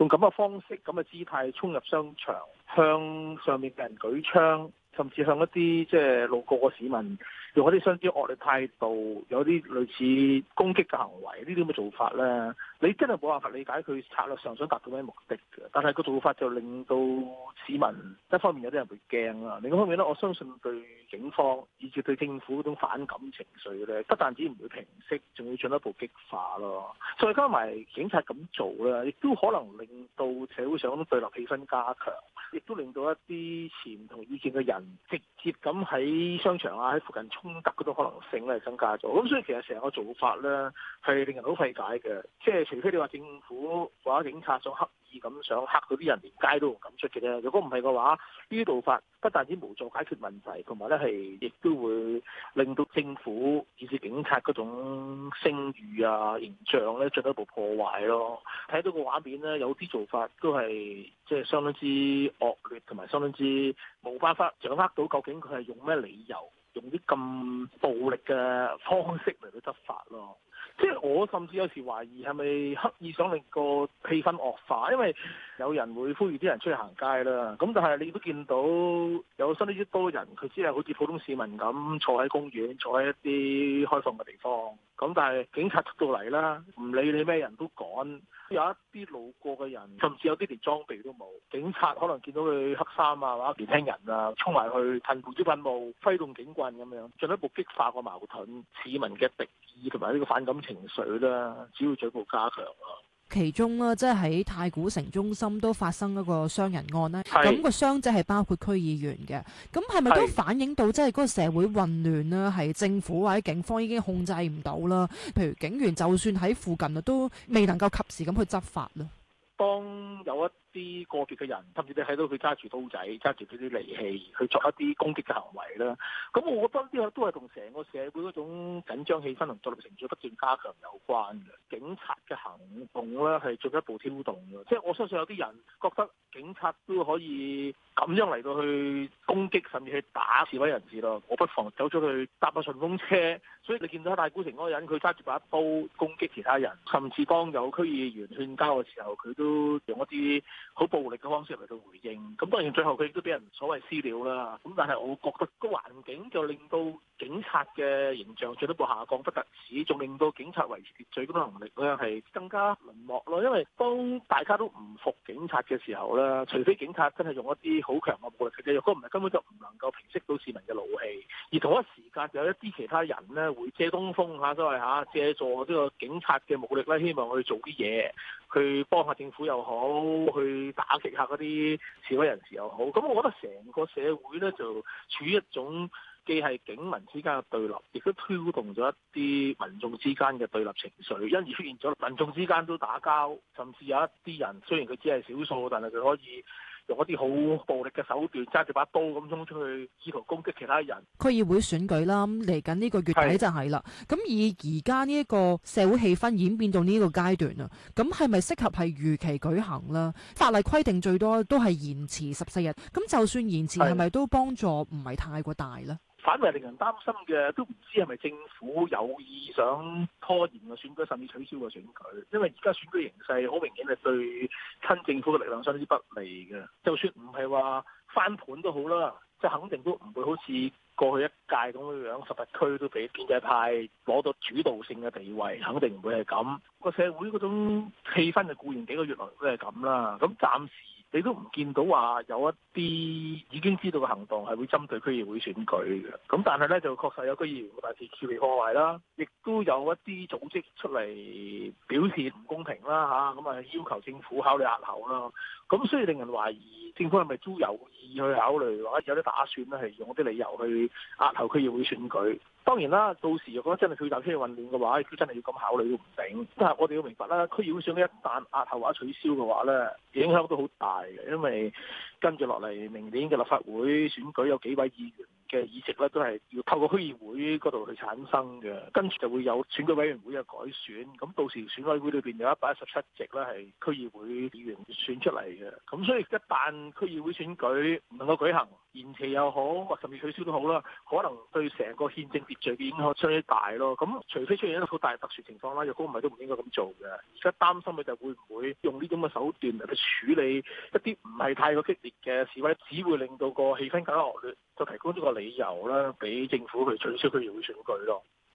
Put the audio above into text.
用咁嘅方式、咁嘅姿態沖入商場，向上面嘅人舉槍，甚至向一啲即係路過嘅市民。用啲相當之惡劣態度，有啲類似攻擊嘅行為，呢啲咁嘅做法咧，你真係冇辦法理解佢策略上想達到咩目的嘅。但係個做法就令到市民一方面有啲人會驚啊，另一方面咧，我相信對警方以至對政府嗰種反感情緒咧，不但止唔會平息，仲會進一步激化咯。再加埋警察咁做咧，亦都可能令到社會上嗰種對立氣氛加強，亦都令到一啲持唔同意見嘅人直接咁喺商場啊，喺附近。衝突嗰種可能性咧，增加咗，咁所以其實成個做法咧係令人好費解嘅。即係除非你話政府或者警察想刻意咁想黑嗰啲人，連街都唔敢出嘅咧。如果唔係嘅話，呢啲做法不但止無助解決問題，同埋咧係亦都會令到政府以至警察嗰種聲譽啊、形象咧進一步破壞咯。睇到個畫面咧，有啲做法都係即係相當之惡劣，同埋相當之冇辦法掌握到究竟佢係用咩理由。用啲咁暴力嘅方式嚟到執法咯，即係我甚至有時懷疑係咪刻意想令個氣氛惡化，因為有人會呼籲啲人出去行街啦。咁但係你都見到有相當之多人，佢只係好似普通市民咁坐喺公園，坐喺一啲開放嘅地方。咁但係警察出到嚟啦，唔理你咩人都趕，有一啲路過嘅人，甚至有啲連裝備都冇，警察可能見到佢黑衫啊、或者年輕人啊，衝埋去噴胡椒噴霧，揮動警棍。咁樣進一步激化個矛盾，市民嘅敵意同埋呢個反感情緒啦，只要進一步加強啊。其中呢，即係喺太古城中心都發生一個傷人案呢。咁個傷者係包括區議員嘅，咁係咪都反映到即係嗰個社會混亂咧？係政府或者警方已經控制唔到啦。譬如警員就算喺附近啊，都未能夠及時咁去執法啦。當有一啲個別嘅人，甚至你睇到佢揸住刀仔、揸住嗰啲利器去作一啲攻擊嘅行為啦。咁我覺得呢個都係同成個社會嗰種緊張氣氛同暴力情緒不斷加強有關嘅。警察嘅行動咧係進一步挑動嘅，即係我相信有啲人覺得警察都可以咁樣嚟到去攻擊，甚至去打示威人士咯。我不妨走咗去搭個順風車。所以你見到太古城嗰個人，佢揸住把刀攻擊其他人，甚至當有區議員勸交嘅時候，佢都用一啲好暴力嘅方式嚟到回應，咁當然最後佢亦都俾人所謂私了啦。咁但係我覺得個環境就令到。警察嘅形象進一步下降不特止，仲令到警察維持秩序嘅能力咧係更加淪落咯。因為當大家都唔服警察嘅時候咧，除非警察真係用一啲好強嘅武力去解決，若果唔係根本就唔能夠平息到市民嘅怒氣。而同一時間有一啲其他人咧會借東風嚇，所謂嚇，就係、借助呢個警察嘅武力咧，希望去做啲嘢，去幫下政府又好，去打擊下嗰啲示威人士又好。咁我覺得成個社會咧就處於一種。既係警民之間嘅對立，亦都挑動咗一啲民眾之間嘅對立情緒，因而出現咗民眾之間都打交，甚至有一啲人，雖然佢只係少數，但係佢可以用一啲好暴力嘅手段，揸住把刀咁衝出去，試圖攻擊其他人。區議會選舉啦，嚟緊呢個月底就係啦。咁以而家呢一個社會氣氛演變到呢個階段啊，咁係咪適合係如期舉行呢？法例規定最多都係延遲十四日，咁就算延遲係咪都幫助唔係太過大呢？反而令人擔心嘅，都唔知係咪政府有意想拖延個選舉，甚至取消個選舉。因為而家選舉形勢好明顯係對親政府嘅力量相當之不利嘅。就算唔係話翻盤都好啦，即係肯定都唔會好似過去一屆咁嘅樣，十八區都俾建制派攞到主導性嘅地位，肯定唔會係咁。個社會嗰種氣氛就固然幾個月來都係咁啦。咁暫時。你都唔見到話有一啲已經知道嘅行動係會針對區議會選舉嘅，咁但係咧就確實有區議員嘅大廈處理、破壞啦，亦都有一啲組織出嚟表示唔公平啦，吓咁啊要求政府考慮押後啦，咁所以令人懷疑政府係咪都有意去考慮或者有啲打算咧，係用啲理由去押後區議會選舉。當然啦，到時如果真係佢大區議運亂嘅話，亦都真係要咁考慮都唔定。但係我哋要明白啦，區議會選舉一旦押後或者取消嘅話咧，影響都好大。因為跟住落嚟明年嘅立法會選舉有幾位議員。嘅議席咧都係要透過區議會嗰度去產生嘅，跟住就會有選舉委員會嘅改選，咁到時選委會裏邊有一百一十七席咧係區議會議員選出嚟嘅，咁所以一旦區議會選舉唔能夠舉行，延期又好或甚至取消都好啦，可能對成個憲政秩序嘅影響相對大咯。咁除非出現一個好大特殊情況啦，若果唔係都唔應該咁做嘅。而家擔心嘅就係會唔會用呢種嘅手段嚟去處理一啲唔係太過激烈嘅示威，只會令到個氣氛更加惡劣，就提供呢個理由啦，俾政府去取消佢議會選舉咯。